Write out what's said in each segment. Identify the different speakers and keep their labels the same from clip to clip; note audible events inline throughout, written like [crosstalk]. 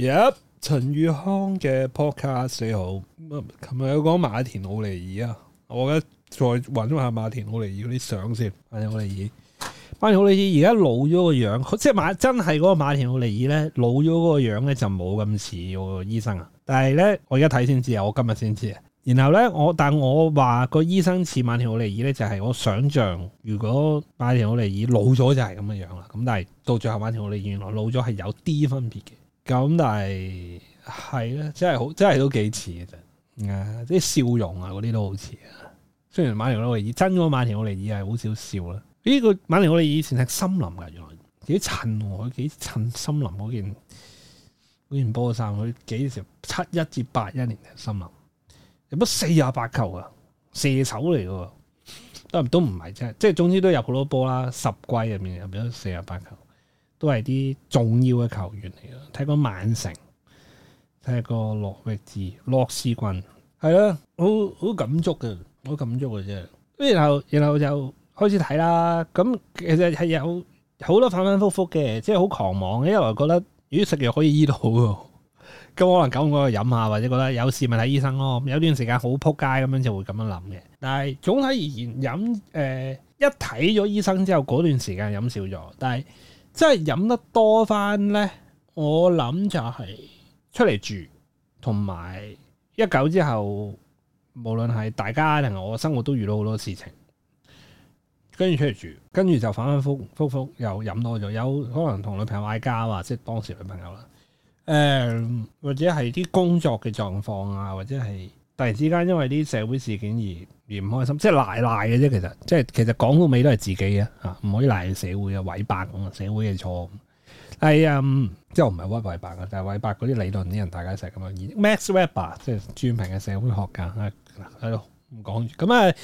Speaker 1: 而家陳宇康嘅 podcast 你好，咁琴日有講馬田奧利爾啊，我而家再揾咗下馬田奧利爾啲相先。馬田奧利爾，馬田奧利爾而家老咗個樣，即係馬真係嗰個馬田奧利爾咧，老咗個樣咧就冇咁似個醫生啊。但係咧，我而家睇先知啊，我今日先知啊。然後咧，我但我話個醫生似馬田奧利爾咧，就係、是、我想象如果馬田奧利爾老咗就係咁嘅樣啦。咁但係到最後馬田奧利爾原來老咗係有啲分別嘅。咁但係係咧，真係好，真係都幾似嘅啫。啲、哎、笑容啊，嗰啲都好似啊。雖然馬尼奧利爾真個馬尼奧利爾係好少笑啦。呢個馬尼奧利爾以前係森林噶，原來幾襯喎，佢幾襯森林嗰件件波衫，佢幾時七一至八一年嘅森林，有乜四十八球啊，射手嚟噶，都都唔係啫，即係總之都入好多波啦，十季入面入咗四十八球。都係啲重要嘅球員嚟咯，睇個曼城，睇個洛域治、洛斯郡，係咯，好好感觸嘅，好感觸嘅啫。然後然後就開始睇啦，咁其實係有好多反反复复嘅，即係好狂妄，因為覺得如果食藥可以醫到，咁可能咁我該去飲下，或者覺得有事咪睇醫生咯。有段時間好撲街咁樣就會咁樣諗嘅，但係總體而言飲誒、呃、一睇咗醫生之後嗰段時間飲少咗，但係。即係飲得多翻呢，我諗就係出嚟住，同埋一九之後，無論係大家定係我生活都遇到好多事情，跟住出嚟住，跟住就反反復復復又飲多咗，有可能同女朋友嗌交啊，即係當時女朋友啦，誒、呃，或者係啲工作嘅狀況啊，或者係。突然之間，因為啲社會事件而而唔開心，即係賴賴嘅啫。其實，即係其實講到尾都係自己嘅嚇，唔可以賴嘅社會嘅韋伯。咁啊，社會嘅錯誤。係啊、嗯，即係我唔係屈韋伯嘅，但係韋伯嗰啲理論啲人，大家成日咁樣。Max Weber 即係朱平嘅社會學家，係、嗯、咯，唔講住咁啊。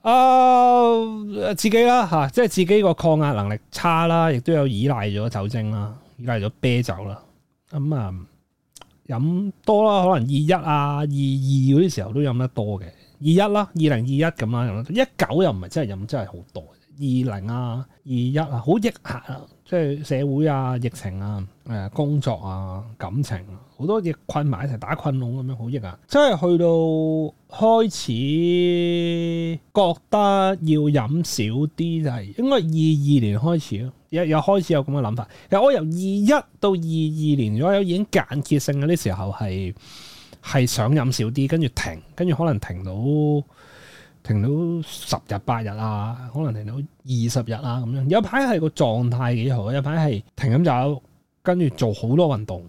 Speaker 1: 啊、呃，自己啦嚇，即係自己個抗壓能力差啦，亦都有依賴咗酒精啦，依賴咗啤酒啦，咁、嗯、啊。飲多啦，可能二一啊、二二嗰啲時候都飲得多嘅。二一啦，二零二一咁啦，一九又唔係真係飲，真係好多。二零啊，二一啊，好抑壓啊，即係社會啊、疫情啊、工作啊、感情、啊，好多嘢困埋一齊打困籠咁樣好抑壓。即係去到開始覺得要飲少啲，就係、是、應該二二年開始咯，又又開始有咁嘅諗法。其實我由二一到二二年左右已經間歇性嘅啲時候，係係想飲少啲，跟住停，跟住可能停到。停到十日八日啊，可能停到二十日啊咁樣，有一排係個狀態幾好，有排係停飲酒，跟住做好多運動，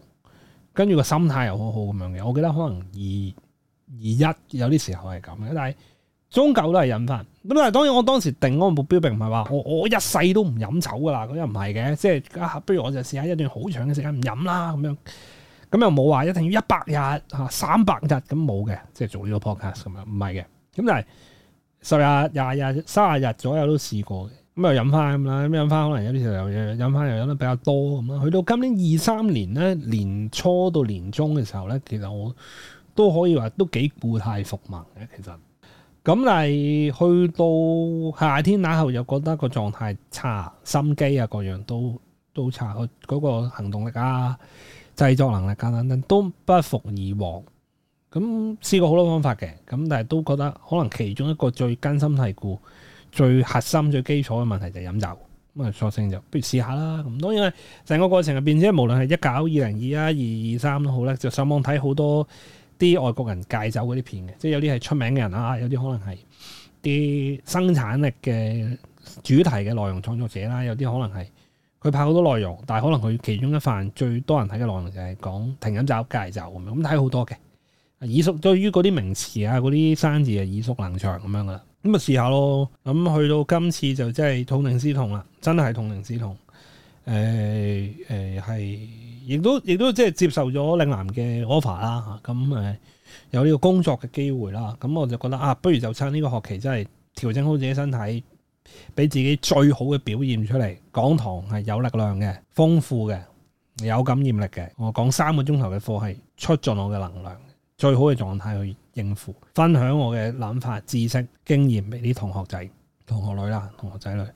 Speaker 1: 跟住個心態又好好咁樣嘅。我記得可能二二一有啲時候係咁嘅，但係終究都係飲翻。咁但係當然我當時定嗰個目標並唔係話我我一世都唔飲酒噶啦，咁又唔係嘅，即係、啊、不如我就試下一段好長嘅時間唔飲啦咁樣，咁又冇話一定要一百日、啊、三百日咁冇嘅，即係做呢個 podcast 咁樣，唔係嘅，咁但係。十日、廿日、三十日左右都試過嘅，咁又飲翻咁啦，咁飲翻可能有啲時候又飲翻又飲得比較多，咁去到今年二三年咧，年初到年中嘅時候咧，其實我都可以話都幾故態復萌嘅。其實咁嚟去到夏天那後又覺得個狀態差，心機啊各樣都都差，嗰、那個行動力啊、製作能力咁、啊、等等都不復以往。咁試過好多方法嘅，咁但係都覺得可能其中一個最根深蒂固、最核心、最基礎嘅問題就係飲酒。咁啊，索性就不如試下啦。咁當然係成個過程入面，無論係一九二零二啊、二二三都好啦。就上網睇好多啲外國人戒酒嗰啲片嘅，即係有啲係出名嘅人啊，有啲可能係啲生產力嘅主題嘅內容創作者啦，有啲可能係佢拍好多內容，但係可能佢其中一份最多人睇嘅內容就係講停飲酒、戒酒咁樣咁睇好多嘅。耳熟對於嗰啲名詞啊，嗰啲生字係耳熟能詳咁樣噶啦，咁咪試下咯。咁、嗯、去到今次就真係痛定思痛啦，真係痛定思痛。誒、呃、誒，係、呃、亦都亦都即係接受咗嶺南嘅 offer 啦、啊。嚇、嗯，咁誒有呢個工作嘅機會啦。咁我就覺得啊，不如就趁呢個學期真係調整好自己身體，俾自己最好嘅表現出嚟。講堂係有力量嘅、豐富嘅、有感染力嘅。我講三個鐘頭嘅課係出盡我嘅能量。最好嘅狀態去應付，分享我嘅諗法、知識、經驗俾啲同學仔、同學女啦、同學仔女。誒、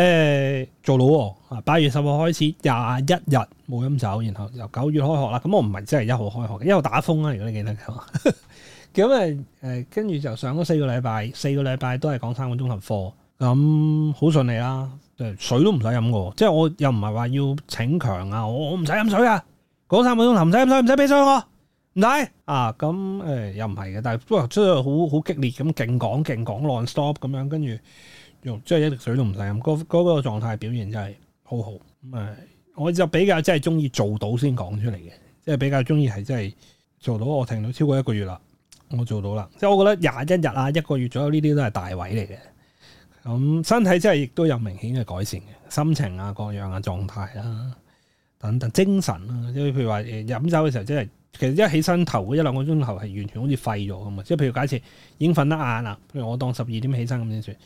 Speaker 1: 欸、做到喎，八月十號開始廿一日冇飲酒，然後由九月開學啦。咁我唔係真係一號開學，一路打風啊！如果你記得咁誒誒，跟住、欸、就上咗四個禮拜，四個禮拜都係講三個鐘頭課，咁、嗯、好順利啦。水都唔使飲嘅，即係我又唔係話要逞強啊！我我唔使飲水啊，講三個鐘頭唔使飲水，唔使畀水我。唔係，啊，咁、哎、又唔係嘅，但係不過真係好好激烈咁，勁講勁講，long stop 咁樣，跟住用即係一滴水都唔使飲，嗰、那、嗰個狀態表現真係好好。咁我就比較真係中意做到先講出嚟嘅，即係比較中意係真係做到我停到超過一個月啦，我做到啦。即係我覺得廿一日啊，一個月左右呢啲都係大位嚟嘅。咁、嗯、身體真係亦都有明顯嘅改善嘅，心情啊各樣嘅、啊、狀態啦、啊，等等精神啊即係譬如話誒飲酒嘅時候真係。其實一起身頭一兩個鐘頭係完全好似廢咗咁啊！即係譬如假設已經瞓得晏啦，譬如我當十二點起身咁先算，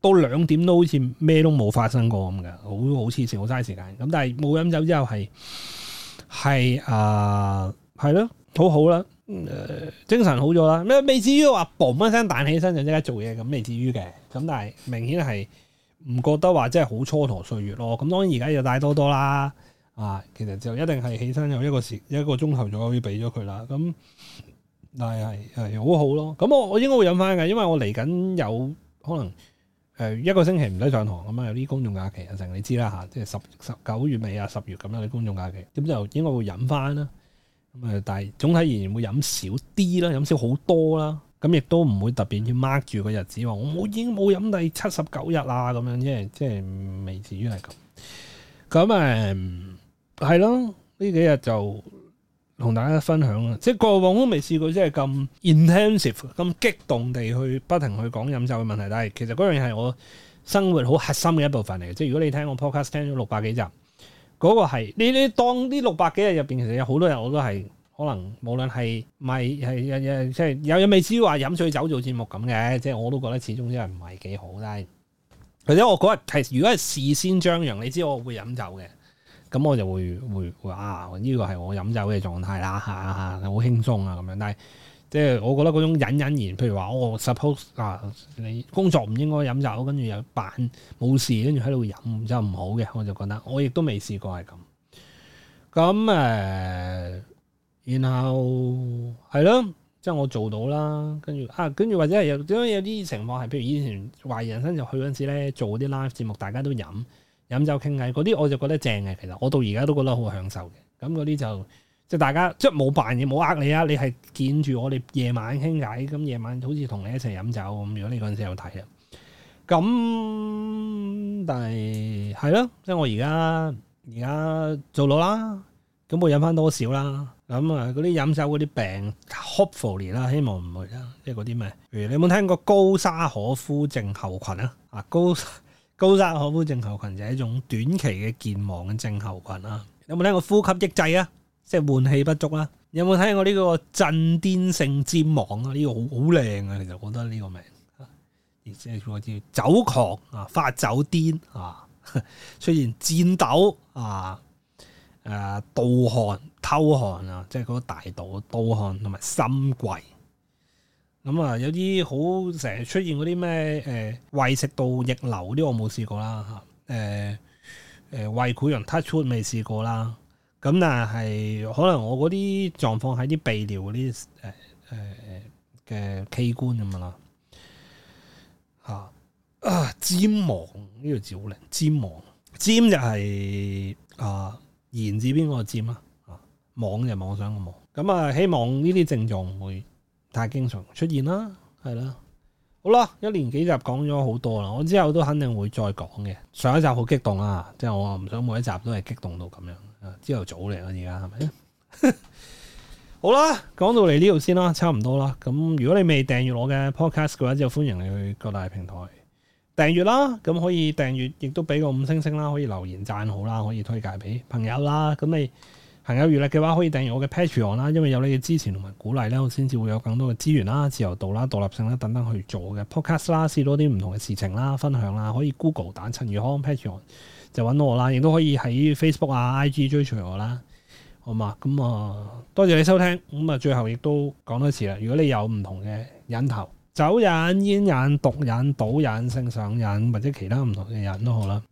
Speaker 1: 到兩點都好似咩都冇發生過咁嘅，呃，好好似成好嘥時間。咁但係冇飲酒之後係係啊係咯，好好啦，精神好咗啦。咩未至於話嘣一聲彈起身就即刻做嘢咁？未至於嘅。咁但係明顯係唔覺得話真係好蹉跎歲月咯。咁當然而家又帶多多啦。啊，其實就一定係起身有一個時，一個鐘頭左右可以俾咗佢啦。咁，但係係好好咯。咁、嗯、我我應該會飲翻嘅，因為我嚟緊有可能誒、呃、一個星期唔使上堂啊、嗯、有啲公眾假期成，你知啦吓，即係十十九月尾啊，十月咁樣啲公眾假期。咁、嗯、之後應該會飲翻啦。咁、嗯、誒，但係總體而言會喝少一，會飲少啲啦，飲少好多啦。咁亦都唔會特別要 mark 住個日子話，我冇已經冇飲第七十九日啦，咁樣，即係即係未至於係咁。咁、嗯、誒。嗯係咯，呢幾日就同大家分享啦。即係過往都未試過，即係咁 intensive、咁激動地去不停去講飲酒嘅問題。但係其實嗰樣嘢係我生活好核心嘅一部分嚟嘅。即係如果你我聽我 podcast 聽咗六百幾集，嗰、嗰個係你你當呢六百幾日入邊，其實有好多人我都係可能，無論係咪係係即係有有未知話飲醉酒做節目咁嘅。即係我都覺得始終真係唔係幾好。但係或者我嗰日係如果係事先張揚，你知我會飲酒嘅。咁我就會會會啊！呢、這個係我飲酒嘅狀態啦嚇，好輕鬆啊咁樣。但係即係我覺得嗰種隱隱然，譬如話我 suppose 啊，你工作唔應該飲酒，跟住又扮冇事，跟住喺度飲，就唔好嘅。我就覺得我，我亦都未試過係咁。咁誒，然後係咯，即係我做到啦。跟住啊，跟住或者係有，有點樣有啲情況係，譬如以前懷疑人生入去嗰陣時咧，做啲 live 節目，大家都飲。飲酒傾偈嗰啲，我就覺得正嘅。其實我到而家都覺得好享受嘅。咁嗰啲就即係大家即係冇扮嘢，冇呃你啊！你係見住我哋夜晚傾偈，咁夜晚好似同你一齊飲酒咁。如果你嗰陣時有睇啊，咁但係係咯，即係我而家而家做到啦，咁我飲翻多少啦？咁啊，嗰啲飲酒嗰啲病，hopefully 啦，希望唔會啦。即係嗰啲咩？譬如你有冇聽過高沙可夫症候群啊？啊高。高沙可夫症候群就係一種短期嘅健忘嘅症候群啦、啊。有冇聽過呼吸抑制啊？即係換氣不足啦、啊。有冇睇過呢個震顫性譫妄啦、啊？呢、這個好好靚啊！其實我覺得呢個名字，而且叫酒狂啊，發酒癲啊，出現顫抖啊，啊，盜汗、偷汗啊，即、就、嗰、是、個大盜盜汗同埋心悸。咁、嗯、啊，有啲好成日出現嗰啲咩誒胃食道逆流啲，我冇試過啦嚇。誒誒胃潰瘍 touch wood 未試過啦。咁、呃嗯、但係可能我嗰啲狀況喺啲泌尿嗰啲誒誒嘅器官咁啊啦嚇，啊，譫妄呢個字好靚，譫妄譫，譫就係、是、啊言字邊個譫啊？啊妄就妄想嘅妄。咁、嗯、啊、嗯，希望呢啲症狀唔會。太經常出現啦，係啦，好啦，一年幾集講咗好多啦，我之後都肯定會再講嘅。上一集好激動啦，即係我唔想每一集都係激動到咁樣。啊，朝頭早嚟啦，而家係咪？好啦，講到嚟呢度先啦，差唔多啦。咁如果你未訂閱我嘅 podcast 嘅話，就歡迎你去各大平台訂閱啦。咁可以訂閱，亦都俾個五星星啦，可以留言讚好啦，可以推介俾朋友啦。咁你。行有餘力嘅話可以訂閱我嘅 Patreon 啦，因為有你嘅支持同埋鼓勵咧，我先至會有更多嘅資源啦、自由度啦、獨立性啦等等去做嘅 Podcast 啦，試多啲唔同嘅事情啦、分享啦，可以 Google 打陳宇康 Patreon 就搵到我啦，亦都可以喺 Facebook 啊、IG 追隨我啦，好嘛？咁、嗯、啊，多謝你收聽，咁、嗯、啊，最後亦都講多次啦，如果你有唔同嘅引頭、酒引、煙引、毒引、賭引，性上引或者其他唔同嘅引都好啦，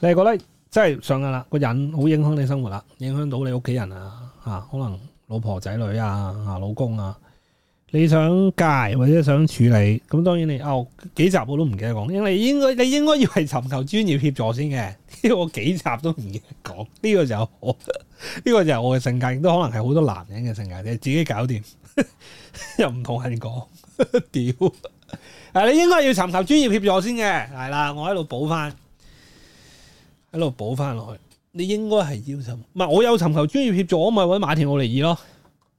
Speaker 1: 你係覺得？真係上癮啦，個人好影響你生活啦，影響到你屋企人啊，吓可能老婆仔女啊，吓老公啊，你想戒或者想處理，咁當然你哦幾集我都唔記得講，應你應該你應該要係尋求專業協助先嘅。我幾集都唔記得講呢個就我，呢個就我嘅性格，亦都可能係好多男人嘅性格，你自己搞掂 [laughs] 又唔同人講，屌！誒，你應該要尋求專業協助先嘅。係啦，我喺度補翻。一路補返落去，你應該係要尋求，唔係我有尋求專業協助，我咪搵馬田奧利爾囉，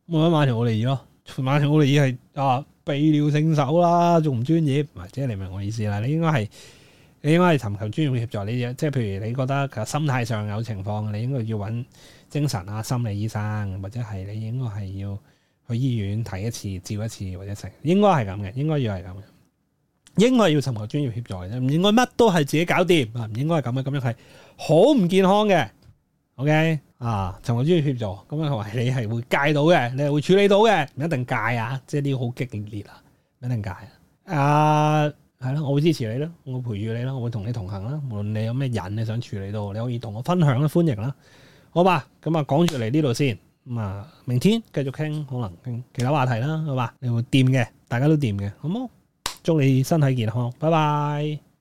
Speaker 1: 我搵馬田奧利爾囉。馬田奧利爾係啊泌尿聖手啦，仲唔專業？唔即係你明我意思啦，你應該係你應該係尋求專業協助呢啲，即係譬如你覺得其實心態上有情況，你應該要搵精神啊心理醫生，或者係你應該係要去醫院睇一次，照一次或者成，應該係咁嘅，應該要係咁嘅。應該要尋求專業協助嘅啫，唔應該乜都係自己搞掂啊！唔應該係咁嘅，咁樣係好唔健康嘅。OK 啊，尋求專業協助，咁樣係、okay？啊、你係會戒到嘅，你係會處理到嘅，唔一定戒啊！即係呢個好激烈啊，唔一定戒啊！啊，係啦，我會支持你啦，我會培育你啦，我會同你，你同行啦。無論你有咩人你想處理到，你可以同我分享啦，歡迎啦，好吧。咁、嗯、啊，講住嚟呢度先，咁啊，明天繼續傾可能傾其他話題啦，好吧，你會掂嘅，大家都掂嘅，好冇？祝你身體健康，拜拜。